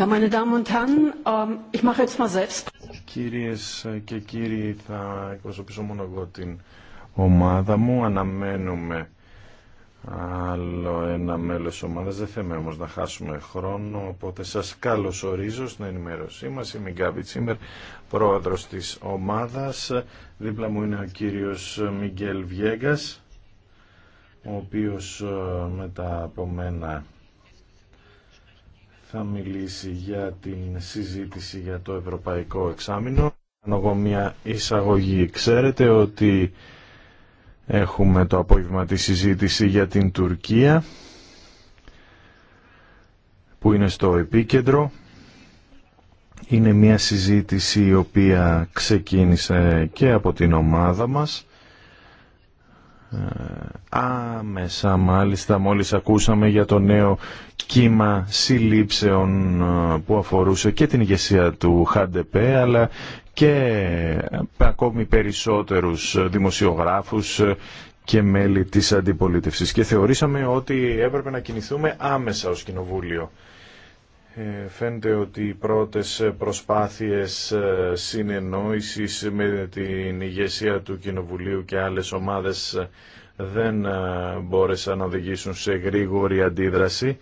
Ähm, Κυρίες και κύριοι, θα εκπροσωπήσω μόνο εγώ την ομάδα μου. Αναμένουμε άλλο ένα μέλος της ομάδας. Δεν θέλουμε όμως να χάσουμε χρόνο, οπότε σας καλωσορίζω στην ενημέρωσή μας. Είμαι η Γκάβιτ Τσίμερ, πρόεδρος της ομάδας. Δίπλα μου είναι ο κύριος Μιγκέλ Βιέγκας, ο οποίος ε, μετά από μένα θα μιλήσει για την συζήτηση για το Ευρωπαϊκό Εξάμεινο. Κάνω μια εισαγωγή. Ξέρετε ότι έχουμε το απόγευμα τη συζήτηση για την Τουρκία που είναι στο επίκεντρο. Είναι μια συζήτηση η οποία ξεκίνησε και από την ομάδα μας άμεσα μάλιστα μόλις ακούσαμε για το νέο κύμα συλλήψεων ε, που αφορούσε και την ηγεσία του ΧΑΝΤΕΠΕ αλλά και ε, ακόμη περισσότερους δημοσιογράφους ε, και μέλη της αντιπολίτευσης και θεωρήσαμε ότι έπρεπε να κινηθούμε άμεσα ως κοινοβούλιο. Ε, φαίνεται ότι οι πρώτες προσπάθειες ε, συνεννόησης με την ηγεσία του Κοινοβουλίου και άλλες ομάδες ε, δεν μπόρεσαν να οδηγήσουν σε γρήγορη αντίδραση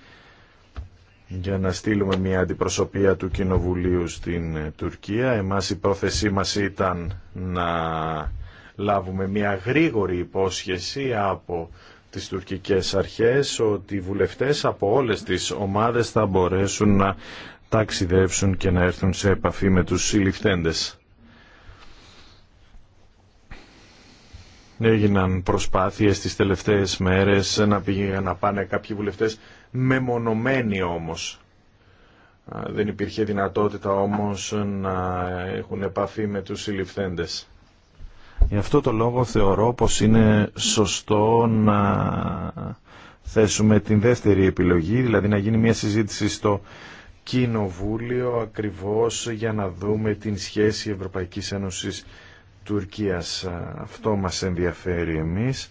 για να στείλουμε μια αντιπροσωπεία του Κοινοβουλίου στην Τουρκία. Εμάς η πρόθεσή μας ήταν να λάβουμε μια γρήγορη υπόσχεση από τις τουρκικές αρχές ότι οι βουλευτές από όλες τις ομάδες θα μπορέσουν να ταξιδεύσουν και να έρθουν σε επαφή με τους συλληφθέντες. Έγιναν προσπάθειες τις τελευταίες μέρες να, πήγαν να πάνε κάποιοι βουλευτές μεμονωμένοι όμως. Δεν υπήρχε δυνατότητα όμως να έχουν επαφή με τους συλληφθέντες. Γι' αυτό το λόγο θεωρώ πως είναι σωστό να θέσουμε την δεύτερη επιλογή, δηλαδή να γίνει μια συζήτηση στο Κοινοβούλιο ακριβώς για να δούμε την σχέση Ευρωπαϊκής Ένωσης Τουρκίας. Αυτό μας ενδιαφέρει εμείς.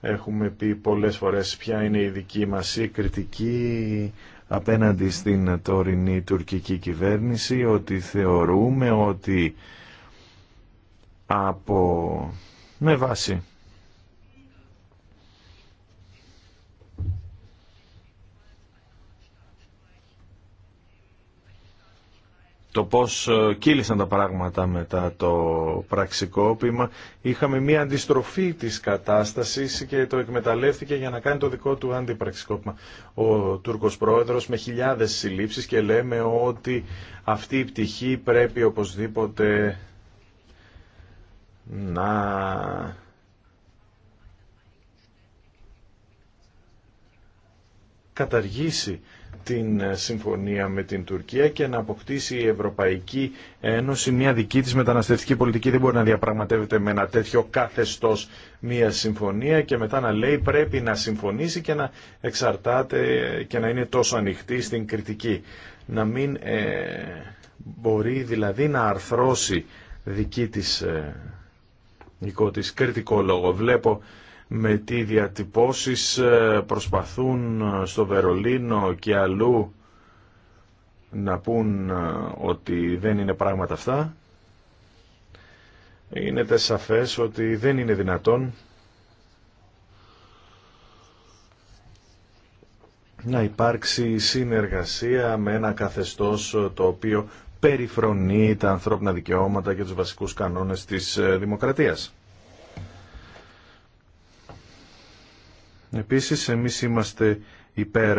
Έχουμε πει πολλές φορές ποια είναι η δική μας η κριτική απέναντι στην τωρινή τουρκική κυβέρνηση, ότι θεωρούμε ότι από... με βάση το πώς ε, κύλησαν τα πράγματα μετά το πραξικόπημα. Είχαμε μία αντιστροφή της κατάστασης και το εκμεταλλεύτηκε για να κάνει το δικό του αντιπραξικόπημα. Ο Τούρκος Πρόεδρος με χιλιάδες συλλήψεις και λέμε ότι αυτή η πτυχή πρέπει οπωσδήποτε να καταργήσει την συμφωνία με την Τουρκία και να αποκτήσει η Ευρωπαϊκή Ένωση μια δική της μεταναστευτική πολιτική. Δεν μπορεί να διαπραγματεύεται με ένα τέτοιο καθεστώς μια συμφωνία και μετά να λέει πρέπει να συμφωνήσει και να εξαρτάται και να είναι τόσο ανοιχτή στην κριτική. Να μην ε, μπορεί δηλαδή να αρθρώσει δική της ε, δικό της κριτικό λόγο. Βλέπω με τι διατυπώσεις ε, προσπαθούν ε, στο Βερολίνο και αλλού να πούν ε, ότι δεν είναι πράγματα αυτά. Είναι σαφές ότι δεν είναι δυνατόν να υπάρξει συνεργασία με ένα καθεστώς το οποίο περιφρονεί τα ανθρώπινα δικαιώματα και τους βασικούς κανόνες της ε, δημοκρατίας. Επίσης, εμείς είμαστε υπέρ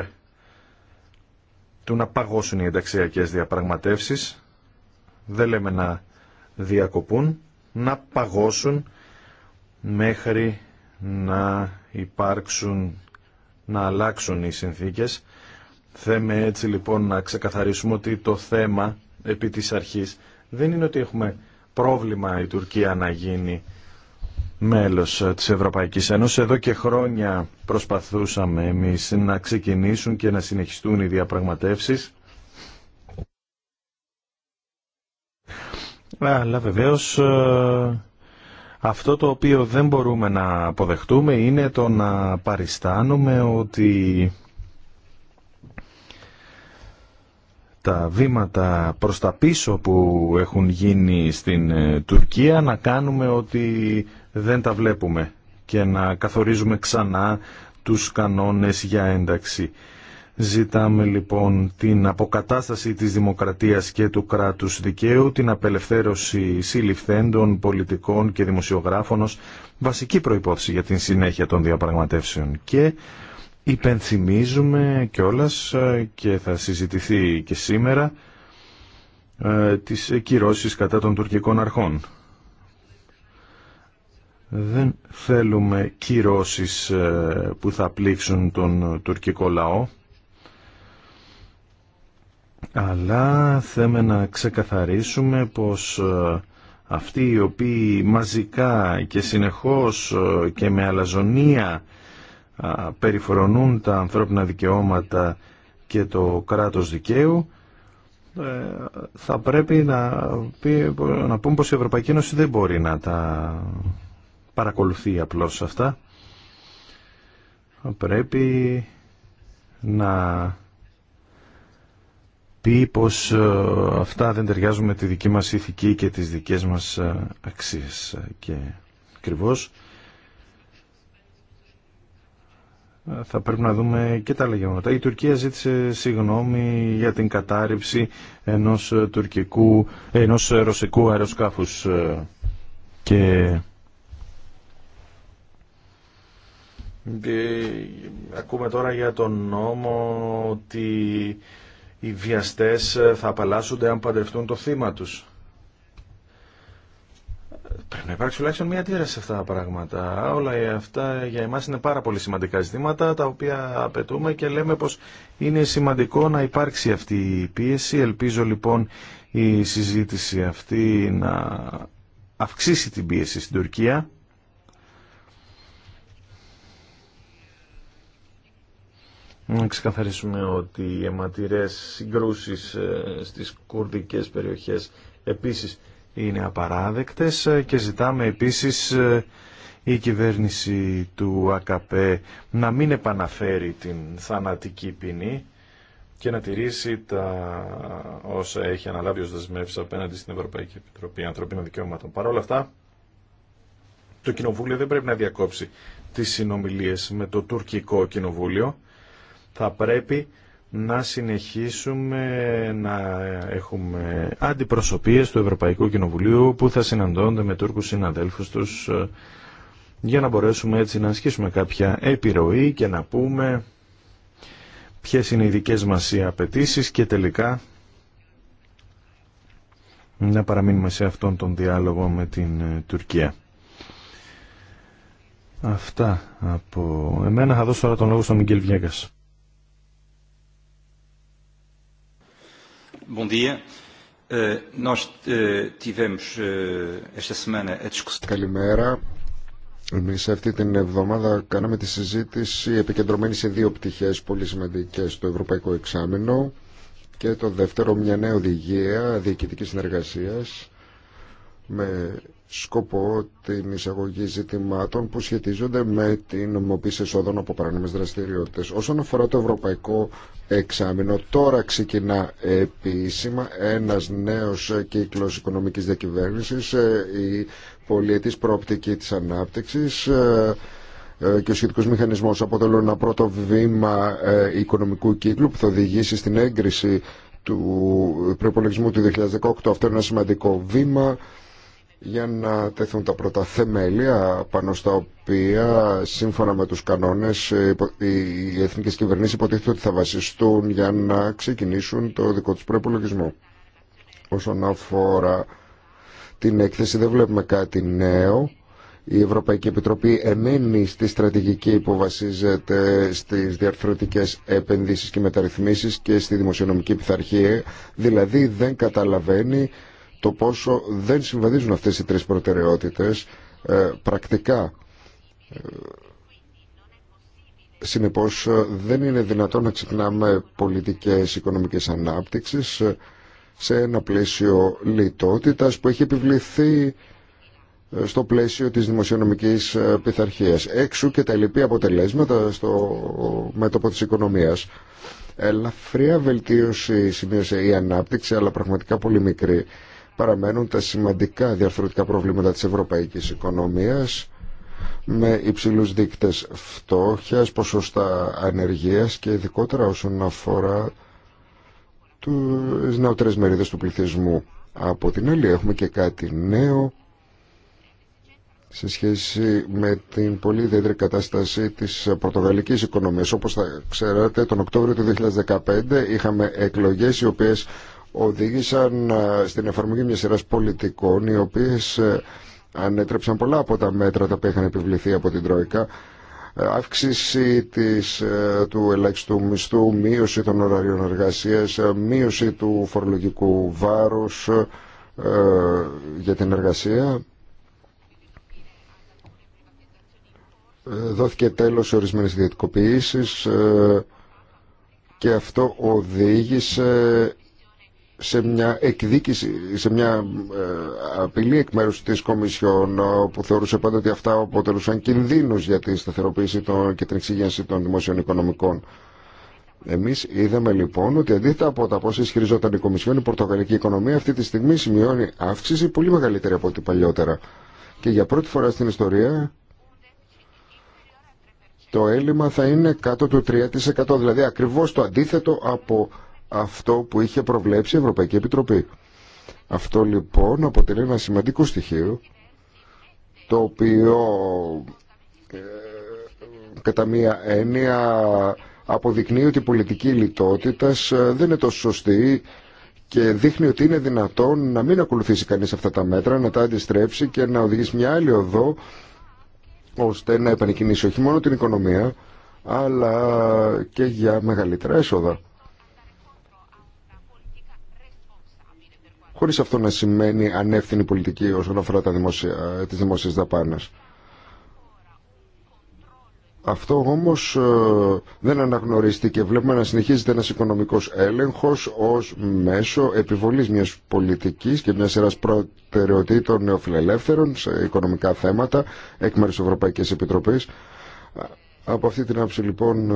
του να παγώσουν οι ενταξιακές διαπραγματεύσεις. Δεν λέμε να διακοπούν, να παγώσουν μέχρι να υπάρξουν, να αλλάξουν οι συνθήκες. Θέμε έτσι λοιπόν να ξεκαθαρίσουμε ότι το θέμα επί της αρχής δεν είναι ότι έχουμε πρόβλημα η Τουρκία να γίνει μέλος της Ευρωπαϊκής Ένωσης. Εδώ και χρόνια προσπαθούσαμε εμείς να ξεκινήσουν και να συνεχιστούν οι διαπραγματεύσεις. Αλλά βεβαίως ε, αυτό το οποίο δεν μπορούμε να αποδεχτούμε είναι το να παριστάνουμε ότι τα βήματα προς τα πίσω που έχουν γίνει στην ε, Τουρκία να κάνουμε ότι δεν τα βλέπουμε και να καθορίζουμε ξανά τους κανόνες για ένταξη. Ζητάμε λοιπόν την αποκατάσταση της δημοκρατίας και του κράτους δικαίου, την απελευθέρωση συλληφθέντων, πολιτικών και δημοσιογράφων ως βασική προϋπόθεση για την συνέχεια των διαπραγματεύσεων και υπενθυμίζουμε κιόλας ε, και θα συζητηθεί και σήμερα ε, τις κυρώσεις κατά των τουρκικών αρχών. Δεν θέλουμε κυρώσεις ε, που θα πλήξουν τον τουρκικό λαό, αλλά θέμε να ξεκαθαρίσουμε πως αυτοί οι οποίοι μαζικά και συνεχώς και με αλαζονία περιφρονούν τα ανθρώπινα δικαιώματα και το κράτος δικαίου ε, θα πρέπει να, να πούμε πως η Ευρωπαϊκή Ένωση δεν μπορεί να τα παρακολουθεί απλώς αυτά. Πρέπει να πει πως ε, αυτά δεν ταιριάζουν με τη δική μας ηθική και τις δικές μας ε, αξίες. Και ακριβώς θα πρέπει να δούμε και τα άλλα γεγονότα. Η Τουρκία ζήτησε συγγνώμη για την κατάρριψη ενός, τουρκικού, ενός ρωσικού αεροσκάφους και... Ακούμε τώρα για τον νόμο ότι οι βιαστές θα απαλλάσσονται αν παντρευτούν το θύμα τους να υπάρξει τουλάχιστον μια αντίδραση σε αυτά τα πράγματα. Όλα αυτά για εμάς είναι πάρα πολύ σημαντικά ζητήματα τα οποία απαιτούμε και λέμε πως είναι σημαντικό να υπάρξει αυτή η πίεση. Ελπίζω λοιπόν η συζήτηση αυτή να αυξήσει την πίεση στην Τουρκία. Να ξεκαθαρίσουμε ότι οι αιματηρές συγκρούσεις ε, στις κουρδικές περιοχές επίσης είναι απαράδεκτες ε, και ζητάμε επίσης ε, η κυβέρνηση του ΑΚΠ να μην επαναφέρει την θανατική ποινή και να τηρήσει τα όσα έχει αναλάβει ως δεσμεύσει απέναντι στην Ευρωπαϊκή Επιτροπή Ανθρωπίνων Δικαιωμάτων. Παρ' όλα αυτά, το Κοινοβούλιο δεν πρέπει να διακόψει τις συνομιλίες με το τουρκικό Κοινοβούλιο. Θα πρέπει να συνεχίσουμε να έχουμε αντιπροσωπείες του Ευρωπαϊκού Κοινοβουλίου που θα συναντώνται με Τούρκους συναδέλφους τους ε, για να μπορέσουμε έτσι να ασκήσουμε κάποια επιρροή και να πούμε ποιες είναι οι δικές μας οι απαιτήσεις και τελικά να παραμείνουμε σε αυτόν τον διάλογο με την ε, Τουρκία. Αυτά από εμένα. Θα δώσω τώρα τον λόγο στον Μιγγέλ Βιέγκας. Bom dia. Nós tivemos esta semana a Καλημέρα. Εμεί αυτή την εβδομάδα κάναμε τη συζήτηση επικεντρωμένη σε δύο πτυχέ πολύ σημαντικέ. στο Ευρωπαϊκό Εξάμεινο και το δεύτερο μια νέα οδηγία διοικητική συνεργασία με σκοπό την εισαγωγή ζητημάτων που σχετίζονται με την νομιμοποίηση εσόδων από παρανομές δραστηριότητες. Όσον αφορά το ευρωπαϊκό εξάμεινο, τώρα ξεκινά επίσημα ένας νέος κύκλος οικονομικής διακυβέρνησης, ε, η πολιετής προοπτική της ανάπτυξης, ε, ε, και ο σχετικό μηχανισμό αποτελούν ένα πρώτο βήμα οικονομικού κύκλου που θα οδηγήσει στην έγκριση του προπολογισμού του 2018. Αυτό είναι ένα σημαντικό βήμα για να τεθούν τα πρώτα θεμέλια πάνω στα οποία σύμφωνα με τους κανόνες οι εθνικές κυβερνήσεις υποτίθεται ότι θα βασιστούν για να ξεκινήσουν το δικό τους προπολογισμό. Όσον αφορά την έκθεση δεν βλέπουμε κάτι νέο. Η Ευρωπαϊκή Επιτροπή εμένει στη στρατηγική που βασίζεται στις διαρθρωτικές επενδύσεις και μεταρρυθμίσεις και στη δημοσιονομική πειθαρχία, δηλαδή δεν καταλαβαίνει το πόσο δεν συμβαδίζουν αυτές οι τρεις προτεραιότητες ε, πρακτικά. Ε, συνεπώς ε, δεν είναι δυνατόν να ξεκινάμε πολιτικές οικονομικές ανάπτυξης σε ένα πλαίσιο λιτότητας που έχει επιβληθεί στο πλαίσιο της δημοσιονομικής πειθαρχία. Έξω και τα λοιπή αποτελέσματα στο μέτωπο της οικονομίας. Ελαφριά βελτίωση σημείωσε η ανάπτυξη, αλλά πραγματικά πολύ μικρή παραμένουν τα σημαντικά διαρθρωτικά προβλήματα της ευρωπαϊκής οικονομίας με υψηλούς δείκτες φτώχειας, ποσοστά ανεργίας και ειδικότερα όσον αφορά τι νεότερες μερίδες του πληθυσμού. Από την άλλη έχουμε και κάτι νέο σε σχέση με την πολύ ιδιαίτερη κατάσταση της πορτογαλικής οικονομίας. Όπως θα ξέρατε, τον Οκτώβριο του 2015 είχαμε εκλογές οι οποίες οδήγησαν ε, στην εφαρμογή μιας σειρά πολιτικών οι οποίες ε, ανέτρεψαν πολλά από τα μέτρα τα οποία είχαν επιβληθεί από την Τρόικα ε, αύξηση της, του ελάχιστου μισθού, μείωση των ωραρίων εργασίας, μείωση του φορολογικού βάρους για την εργασία. Δόθηκε τέλος σε ορισμένες ιδιωτικοποιήσεις και αυτό οδήγησε σε μια εκδίκηση, σε μια ε, απειλή εκ μέρους της Κομισιόν που θεωρούσε πάντα ότι αυτά αποτελούσαν κινδύνους για τη σταθεροποίηση των, και την εξηγένση των δημοσίων οικονομικών. Εμείς είδαμε λοιπόν ότι αντίθετα από τα πόσα ισχυριζόταν η Κομισιόν, η πορτογαλική οικονομία αυτή τη στιγμή σημειώνει αύξηση πολύ μεγαλύτερη από ό,τι παλιότερα. Και για πρώτη φορά στην ιστορία το έλλειμμα θα είναι κάτω του 3%, δηλαδή ακριβώς το αντίθετο από αυτό που είχε προβλέψει η Ευρωπαϊκή Επιτροπή. Αυτό λοιπόν αποτελεί ένα σημαντικό στοιχείο το οποίο ε, κατά μία έννοια αποδεικνύει ότι η πολιτική λιτότητας ε, δεν είναι τόσο σωστή και δείχνει ότι είναι δυνατόν να μην ακολουθήσει κανείς αυτά τα μέτρα, να τα αντιστρέψει και να οδηγήσει μια άλλη οδό ώστε να επανεκκινήσει όχι μόνο την οικονομία αλλά και για μεγαλύτερα έσοδα. χωρίς αυτό να σημαίνει ανεύθυνη πολιτική όσον αφορά τα δημόσια, ε, τις δημόσιες δαπάνες. Αυτό όμως ε, δεν αναγνωρίστηκε. Βλέπουμε να συνεχίζεται ένας οικονομικός έλεγχος ως μέσο επιβολής μιας πολιτικής και μιας σειράς προτεραιοτήτων νεοφιλελεύθερων σε οικονομικά θέματα εκ μέρους Ευρωπαϊκής Επιτροπής. Ε, από αυτή την άψη λοιπόν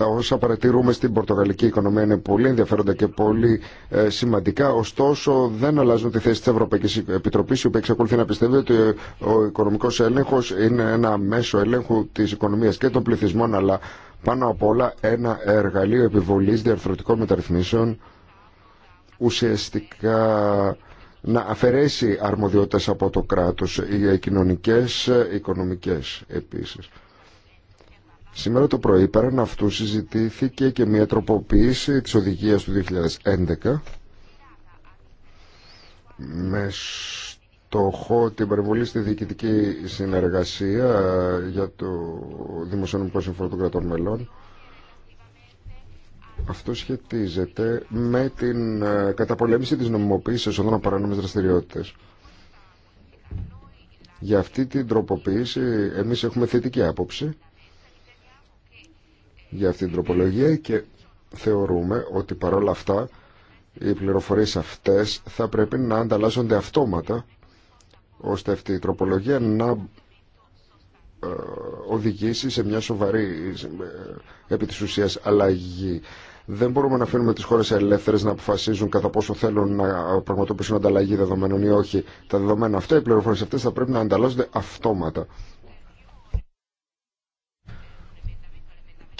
Τα όσα παρατηρούμε στην πορτογαλική οικονομία είναι πολύ ενδιαφέροντα και πολύ ε, σημαντικά. Ωστόσο, δεν αλλάζουν τη θέση τη Ευρωπαϊκή Επιτροπή, η οποία εξακολουθεί να πιστεύει ότι ε, ο οικονομικό έλεγχο είναι ένα μέσο ελέγχου τη οικονομία και των πληθυσμών, αλλά πάνω απ' όλα ένα εργαλείο επιβολή διαρθρωτικών μεταρρυθμίσεων ουσιαστικά να αφαιρέσει αρμοδιότητες από το κράτος, οι κοινωνικές, οι οικονομικές επίσης. Σήμερα το πρωί πέραν αυτού συζητήθηκε και μια τροποποίηση της οδηγίας του 2011 με στόχο την παρεμβολή στη διοικητική συνεργασία ε, για το Δημοσιονομικό Σύμφωνο των Κρατών Μελών. Αυτό σχετίζεται με την ε, καταπολέμηση της νομιμοποίησης όταν παράνομες δραστηριότητες. Για αυτή την τροποποίηση εμείς έχουμε θετική άποψη για αυτή την τροπολογία και θεωρούμε ότι παρόλα αυτά οι πληροφορίες αυτές θα πρέπει να ανταλλάσσονται αυτόματα ώστε αυτή η τροπολογία να ε, οδηγήσει σε μια σοβαρή ε, επί της ουσίας αλλαγή. Δεν μπορούμε να αφήνουμε τις χώρες ελεύθερες να αποφασίζουν κατά πόσο θέλουν να πραγματοποιήσουν ανταλλαγή δεδομένων ή όχι. Τα δεδομένα αυτά, οι πληροφορίες αυτές θα πρέπει να ανταλλάσσονται αυτόματα.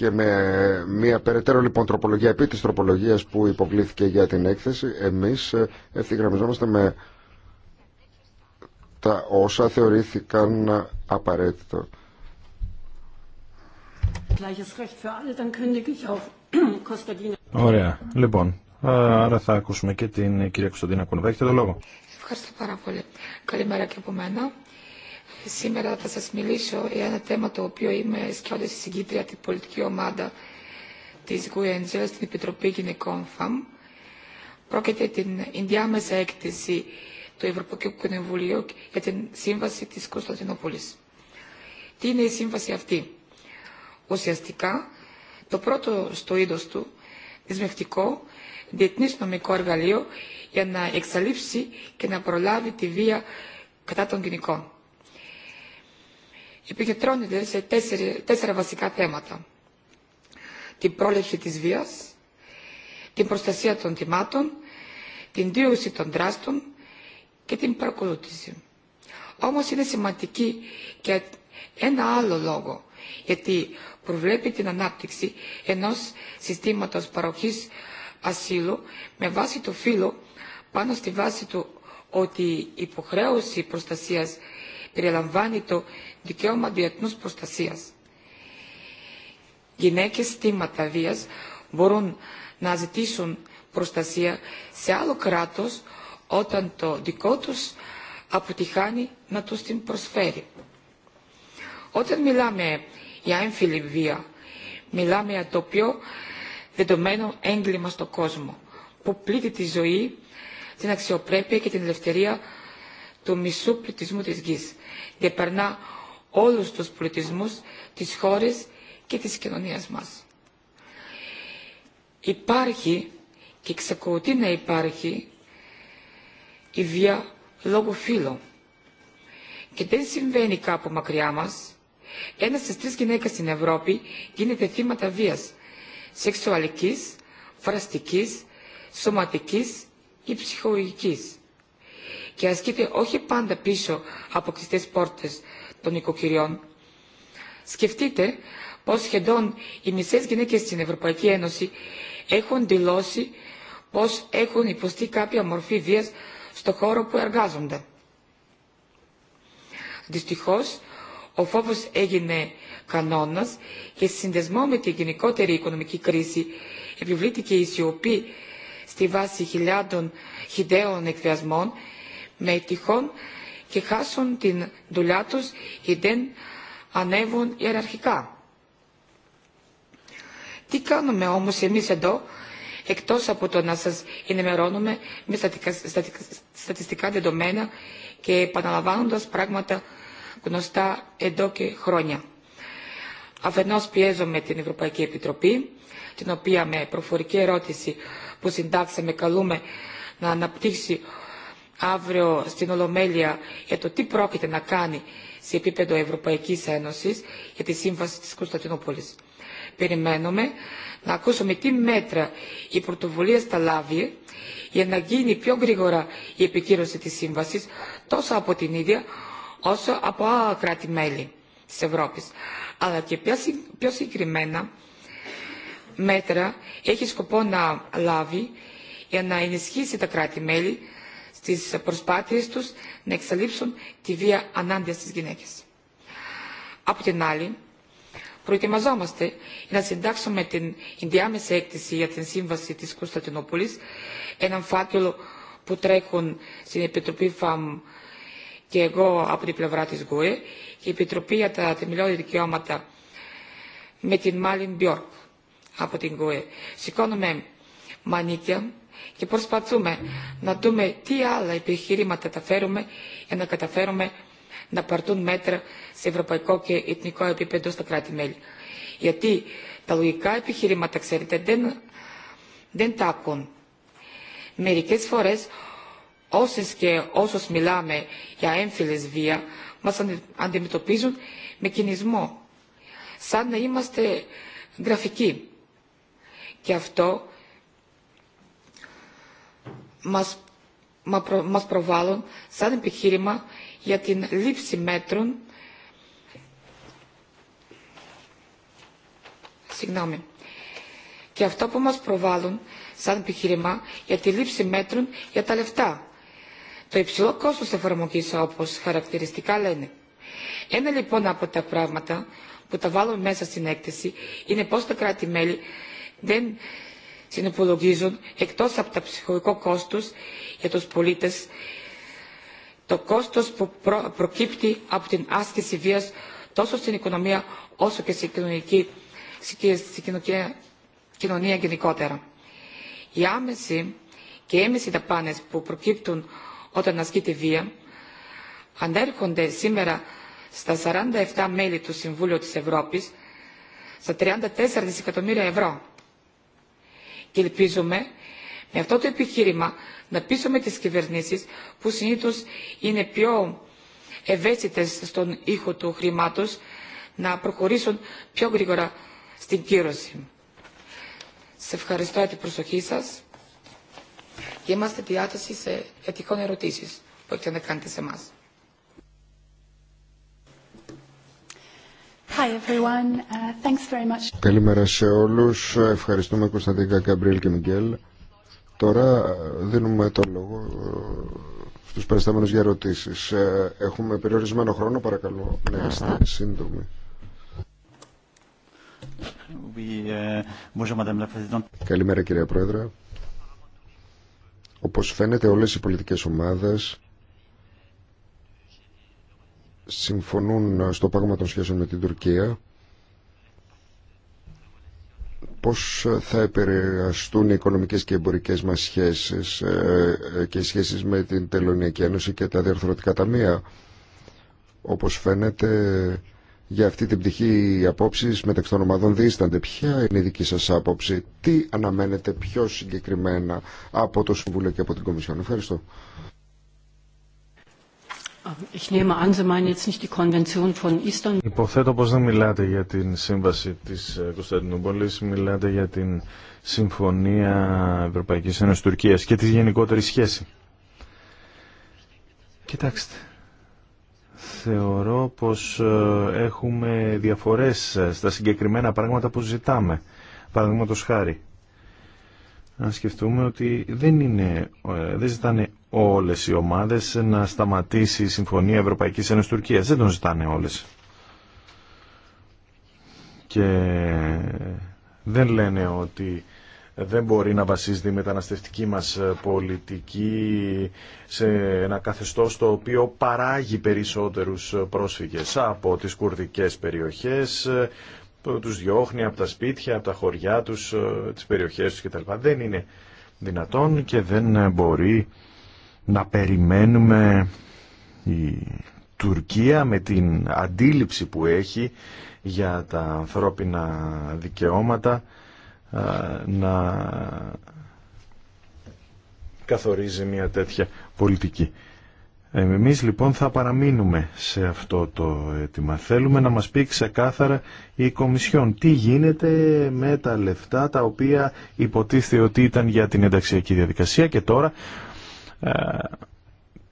Και με μια περαιτέρω λοιπόν τροπολογία επί της τροπολογίας που υποβλήθηκε για την έκθεση, εμείς ευθυγραμμιζόμαστε με τα όσα θεωρήθηκαν απαραίτητο. Ωραία. Λοιπόν, άρα θα ακούσουμε και την κυρία Κωνσταντίνα Κουνβά. Έχετε το λόγο. Ευχαριστώ πάρα πολύ. Καλημέρα και από μένα. Σήμερα θα σας μιλήσω για ένα θέμα το οποίο είμαι σκιώδης συγκήτρια την πολιτική ομάδα της Γκουέντζελ στην Επιτροπή Γυναικών ΦΑΜ. Πρόκειται την ενδιάμεσα έκθεση του Ευρωπαϊκού Κοινοβουλίου για την Σύμβαση της Κωνσταντινούπολης. Τι είναι η σύμβαση αυτή. Ουσιαστικά, το πρώτο στο είδο του, δεσμευτικό, διεθνή νομικό εργαλείο για να εξαλείψει και να προλάβει τη βία κατά των γυναικών επικεντρώνεται δηλαδή σε τέσσερα βασικά θέματα. Την πρόληψη της βίας, την προστασία των τιμάτων, την δίωση των δράστων και την παρακολούθηση. Όμως είναι σημαντική και ένα άλλο λόγο, γιατί προβλέπει την ανάπτυξη ενός συστήματος παροχής ασύλου με βάση το φύλλο πάνω στη βάση του ότι η υποχρέωση προστασίας περιλαμβάνει το δικαίωμα διεθνούς προστασίας. Γυναίκες θύματα βίας μπορούν να ζητήσουν προστασία σε άλλο κράτος όταν το δικό τους αποτυχάνει να τους την προσφέρει. Όταν μιλάμε για έμφυλη βία, μιλάμε για το πιο δεδομένο έγκλημα στον κόσμο, που πλήττει τη ζωή, την αξιοπρέπεια και την ελευθερία του μισού πληθυσμού της γης. περνά όλους τους πληθυσμούς της χώρας και της κοινωνίας μας. Υπάρχει και εξακολουθεί να υπάρχει η βία λόγω φύλου. Και δεν συμβαίνει κάπου μακριά μας. Ένα στις τρεις γυναίκες στην Ευρώπη γίνεται θύματα βίας, σεξουαλικής, φραστικής, σωματικής ή ψυχολογικής και ασκείται όχι πάντα πίσω από κλειστές πόρτες των οικοκυριών. Σκεφτείτε πως σχεδόν οι μισές γυναίκες στην Ευρωπαϊκή Ένωση έχουν δηλώσει πως έχουν υποστεί κάποια μορφή βίας στο χώρο που εργάζονται. Δυστυχώς, ο φόβος έγινε κανόνας και σε συνδεσμό με τη γενικότερη οικονομική κρίση επιβλήθηκε η σιωπή στη βάση χιλιάδων χιδαίων εκβιασμών με τυχόν και χάσουν την δουλειά τους ή δεν ανέβουν ιεραρχικά. Τι κάνουμε όμως εμείς εδώ, εκτός από το να σας ενημερώνουμε με στατιστικά δεδομένα και επαναλαμβάνοντας πράγματα γνωστά εδώ και χρόνια. Αφενός πιέζομαι την Ευρωπαϊκή Επιτροπή, την οποία με προφορική ερώτηση που συντάξαμε καλούμε να αναπτύξει αύριο στην Ολομέλεια για το τι πρόκειται να κάνει σε επίπεδο Ευρωπαϊκής Ένωσης για τη Σύμβαση της Κωνσταντινούπολη. Περιμένουμε να ακούσουμε τι μέτρα η πρωτοβουλία θα λάβει για να γίνει πιο γρήγορα η επικύρωση της Σύμβασης τόσο από την ίδια όσο από άλλα κράτη-μέλη της Ευρώπης αλλά και πιο συγκεκριμένα μέτρα έχει σκοπό να λάβει για να ενισχύσει τα κράτη-μέλη στις προσπάθειες τους να εξαλείψουν τη βία ανάντια στις γυναίκες. Από την άλλη, προετοιμαζόμαστε να συντάξουμε την ενδιάμεση έκθεση για την σύμβαση της Κωνσταντινούπολης, έναν φάκελο που τρέχουν στην Επιτροπή ΦΑΜ και εγώ από την πλευρά της ΓΟΕ και η Επιτροπή για τα Θεμελιώδη Δικαιώματα με την Μάλιν Μπιόρκ από την ΚΟΕ. Σηκώνουμε μανίκια και προσπαθούμε να δούμε τι άλλα επιχειρήματα τα φέρουμε για να καταφέρουμε να πάρτουν μέτρα σε ευρωπαϊκό και εθνικό επίπεδο στα κράτη-μέλη. Γιατί τα λογικά επιχειρήματα, ξέρετε, δεν, δεν τα ακούν. Μερικές φορές, όσες και όσους μιλάμε για έμφυλες βία, μας αντιμετωπίζουν με κινησμό, σαν να είμαστε γραφικοί και αυτό μας, μας προβάλλουν σαν επιχείρημα για την λήψη μέτρων Συγγνώμη. Και αυτό που μας προβάλλουν σαν επιχείρημα για τη λήψη μέτρων για τα λεφτά. Το υψηλό κόστος εφαρμογής όπως χαρακτηριστικά λένε. Ένα λοιπόν από τα πράγματα που τα βάλουμε μέσα στην έκθεση είναι πως τα κράτη-μέλη δεν συνυπολογίζουν εκτός από τα ψυχολογικό κόστος για τους πολίτες το κόστος που προκύπτει από την άσκηση βίας τόσο στην οικονομία όσο και στην κοινωνία γενικότερα. Οι άμεση και έμεση δαπάνε που προκύπτουν όταν ασκείται βία ανέρχονται σήμερα στα 47 μέλη του Συμβούλου της Ευρώπης στα 34 δισεκατομμύρια ευρώ και ελπίζουμε με αυτό το επιχείρημα να πείσουμε τις κυβερνήσεις που συνήθως είναι πιο ευαίσθητες στον ήχο του χρήματος να προχωρήσουν πιο γρήγορα στην κύρωση. Σε ευχαριστώ για την προσοχή σας και είμαστε διάθεση σε ετυχόν ερωτήσεις που έχετε να κάνετε σε εμάς. Uh, Καλημέρα σε όλους. Ευχαριστούμε Κωνσταντίνα Καμπρίλ και Μιγγέλ. Τώρα ε, δίνουμε το λόγο ε, στους περιστάμενους για ερωτήσεις. Ε, έχουμε περιορισμένο χρόνο, παρακαλώ να είστε σύντομοι. Euh, Καλημέρα κυρία Πρόεδρε. Όπως φαίνεται όλες οι πολιτικές ομάδες συμφωνούν ε, στο πράγμα των σχέσεων με την Τουρκία πώς ε, θα επηρεαστούν οι οικονομικές και εμπορικές μας σχέσεις ε, και οι σχέσεις με την Τελωνιακή Ένωση και τα διαρθρωτικά ταμεία. Όπως φαίνεται, για αυτή την πτυχή οι απόψεις μεταξύ των ομάδων δίστανται. Ποια είναι η δική σας άποψη, τι αναμένετε πιο συγκεκριμένα από το Συμβούλιο και από την Κομισιόν. Ευχαριστώ. Υποθέτω πως δεν μιλάτε για την σύμβαση της Κωνσταντινούπολης, μιλάτε για την Συμφωνία Ευρωπαϊκής Ένωσης Τουρκίας και τη γενικότερη σχέση. Κοιτάξτε, θεωρώ πως ε, έχουμε διαφορές ε, στα συγκεκριμένα πράγματα που ζητάμε. Παραδείγματο χάρη, να σκεφτούμε ότι δεν, είναι, ε, δεν ζητάνε όλες οι ομάδες να σταματήσει η Συμφωνία Ευρωπαϊκής Ένωσης Τουρκίας. Δεν τον ζητάνε όλες. Και δεν λένε ότι δεν μπορεί να βασίζεται η μεταναστευτική μας πολιτική σε ένα καθεστώς το οποίο παράγει περισσότερους πρόσφυγες από τις κουρδικές περιοχές, που τους διώχνει από τα σπίτια, από τα χωριά τους, ε, τις περιοχές τους κτλ. Δεν είναι δυνατόν και δεν μπορεί να περιμένουμε η Τουρκία με την αντίληψη που έχει για τα ανθρώπινα δικαιώματα ε, να καθορίζει μια τέτοια πολιτική. Εμείς λοιπόν θα παραμείνουμε σε αυτό το αίτημα. Θέλουμε να μας πει ξεκάθαρα η Κομισιόν τι γίνεται με τα λεφτά τα οποία υποτίθεται ότι ήταν για την ενταξιακή διαδικασία και τώρα ε,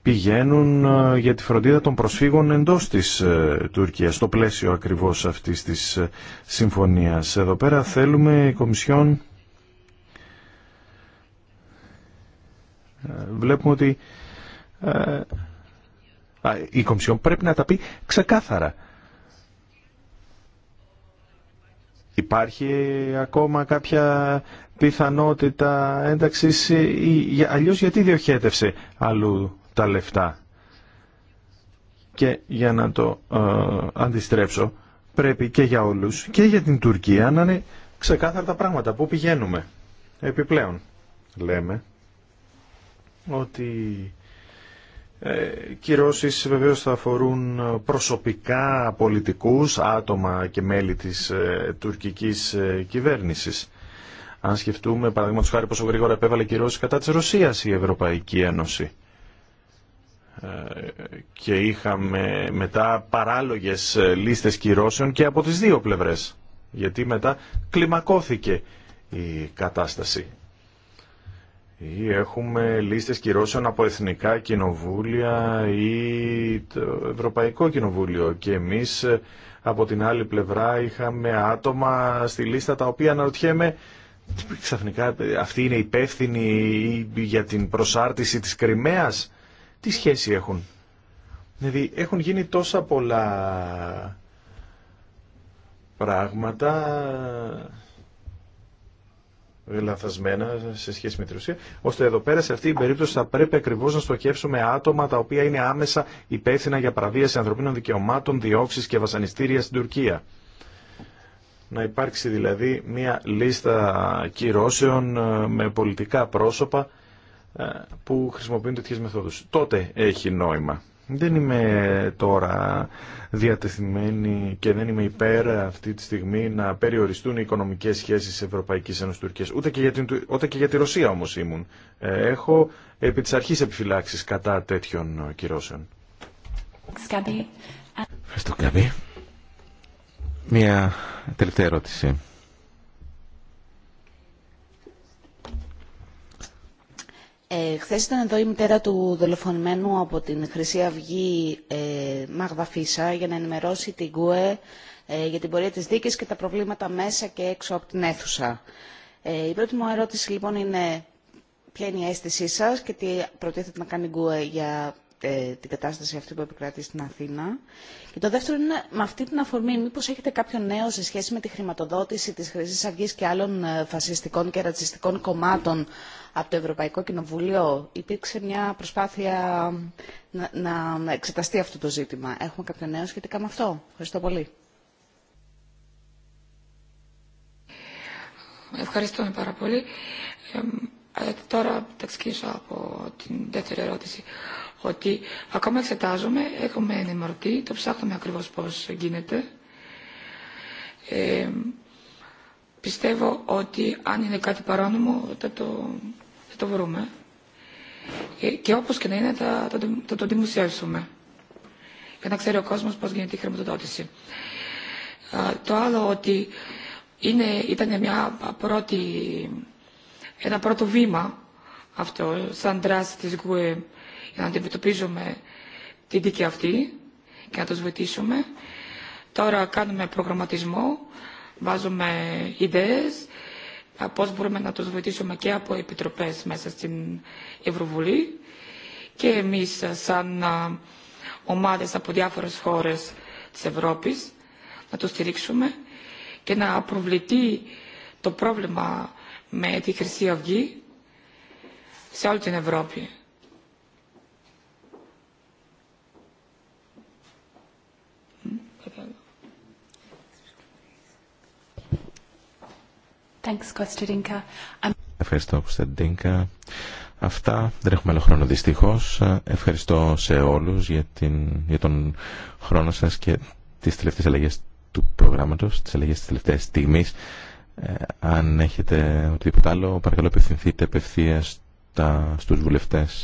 πηγαίνουν ε, για τη φροντίδα των προσφύγων εντός της ε, Τουρκίας, στο πλαίσιο ακριβώς αυτής της συμφωνίας. Εδώ πέρα θέλουμε η Κομισιόν... Βλέπουμε ότι η Κομισιόν πρέπει να τα πει ξεκάθαρα. Υπάρχει ακόμα κάποια πιθανότητα ένταξης ή αλλιώς γιατί διοχέτευσε αλλού τα λεφτά. Και για να το ε, αντιστρέψω πρέπει και για όλους και για την Τουρκία να είναι ξεκάθαρα τα πράγματα. Πού πηγαίνουμε επιπλέον λέμε ότι ε, κυρώσεις βεβαίως θα αφορούν προσωπικά πολιτικούς άτομα και μέλη της ε, τουρκικής ε, κυβέρνησης. Αν σκεφτούμε, παραδείγματο χάρη, πόσο γρήγορα επέβαλε κυρώσεις κατά της Ρωσίας η Ευρωπαϊκή Ένωση. Ε, και είχαμε μετά παράλογες ε, λίστες κυρώσεων και από τις δύο πλευρές. Γιατί μετά κλιμακώθηκε η κατάσταση. Ή έχουμε λίστες κυρώσεων από εθνικά κοινοβούλια ή το Ευρωπαϊκό Κοινοβούλιο. Και εμείς από την άλλη πλευρά είχαμε άτομα στη λίστα τα οποία αναρωτιέμαι ξαφνικά αυτοί είναι υπεύθυνοι για την προσάρτηση της Κρυμαίας. Τι σχέση έχουν. Δηλαδή έχουν γίνει τόσα πολλά πράγματα λανθασμένα σε σχέση με τη Ρωσία, ώστε εδώ πέρα σε αυτή την περίπτωση θα πρέπει ακριβώ να στοχεύσουμε άτομα τα οποία είναι άμεσα υπεύθυνα για παραβίαση ανθρωπίνων δικαιωμάτων, διώξει και βασανιστήρια στην Τουρκία. Να υπάρξει δηλαδή μια λίστα κυρώσεων ε, με πολιτικά πρόσωπα ε, που χρησιμοποιούν τέτοιε μεθόδου. Τότε έχει νόημα. Δεν είμαι τώρα διατεθειμένη και δεν είμαι υπέρ αυτή τη στιγμή να περιοριστούν οι οικονομικές σχέσεις Ευρωπαϊκής Ένωσης Τουρκίας. Ούτε και για, την, ούτε και για τη Ρωσία όμως ήμουν. Ε, έχω επί της αρχής επιφυλάξεις κατά τέτοιων κυρώσεων. Ευχαριστώ Καμπή. Μια τελευταία ερώτηση. Χθε ήταν εδώ η μητέρα του δολοφονημένου από την Χρυσή Αυγή ε, Μάγδα Φίσα για να ενημερώσει την ΚΟΕ ε, για την πορεία της δίκης και τα προβλήματα μέσα και έξω από την αίθουσα. Ε, η πρώτη μου ερώτηση λοιπόν είναι ποια είναι η αίσθησή σας και τι προτίθεται να κάνει η ΚΟΕ για ε, την κατάσταση αυτή που επικρατεί στην Αθήνα. Και το δεύτερο είναι, με αυτή την αφορμή, μήπως έχετε κάποιο νέο σε σχέση με τη χρηματοδότηση της Χρυσής Αυγή και άλλων ε, φασιστικών και ρατσιστικών κομμάτων από το Ευρωπαϊκό Κοινοβούλιο. Υπήρξε μια προσπάθεια να, εξεταστεί αυτό το ζήτημα. Έχουμε κάποιο νέο σχετικά με αυτό. Ευχαριστώ πολύ. Ευχαριστούμε πάρα πολύ. Ε, τώρα θα από την δεύτερη ερώτηση ότι ακόμα εξετάζουμε, έχουμε ενημερωθεί, το ψάχνουμε ακριβώς πώς γίνεται. Ε, πιστεύω ότι αν είναι κάτι παρόνιμο θα το, το βρούμε. Ε, και όπως και να είναι θα, θα, το, το δημοσιεύσουμε. Για να ξέρει ο κόσμος πώς γίνεται η χρηματοδότηση. το άλλο ότι είναι, ήταν μια πρώτη, ένα πρώτο βήμα αυτό σαν δράση της ΓΟΕ για να αντιμετωπίζουμε την δίκη αυτή και να τους βοηθήσουμε. Τώρα κάνουμε προγραμματισμό, βάζουμε ιδέες, ε, πώς μπορούμε να τους βοηθήσουμε και από επιτροπές μέσα στην Ευρωβουλή και εμείς ε, σαν ε, ομάδες από διάφορες χώρες της Ευρώπης να το στηρίξουμε και να προβληθεί το πρόβλημα με τη Χρυσή Αυγή σε όλη την Ευρώπη. Ευχαριστώ, Κωνσταντίνκα. Αυτά. Δεν έχουμε άλλο χρόνο, δυστυχώ. Ευχαριστώ σε όλου για, για τον χρόνο σα και τι τελευταίε αλλαγέ του προγράμματο, τι αλλαγέ τη τελευταία στιγμή. Ε, αν έχετε οτιδήποτε άλλο, παρακαλώ απευθυνθείτε απευθεία στου βουλευτέ.